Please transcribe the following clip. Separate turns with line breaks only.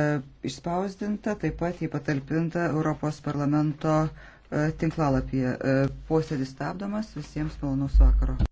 E, išspausdinta, taip pat jį patalpinta Europos parlamento e, tinklalapyje. E, posėdis stabdomas, visiems malonaus vakaro.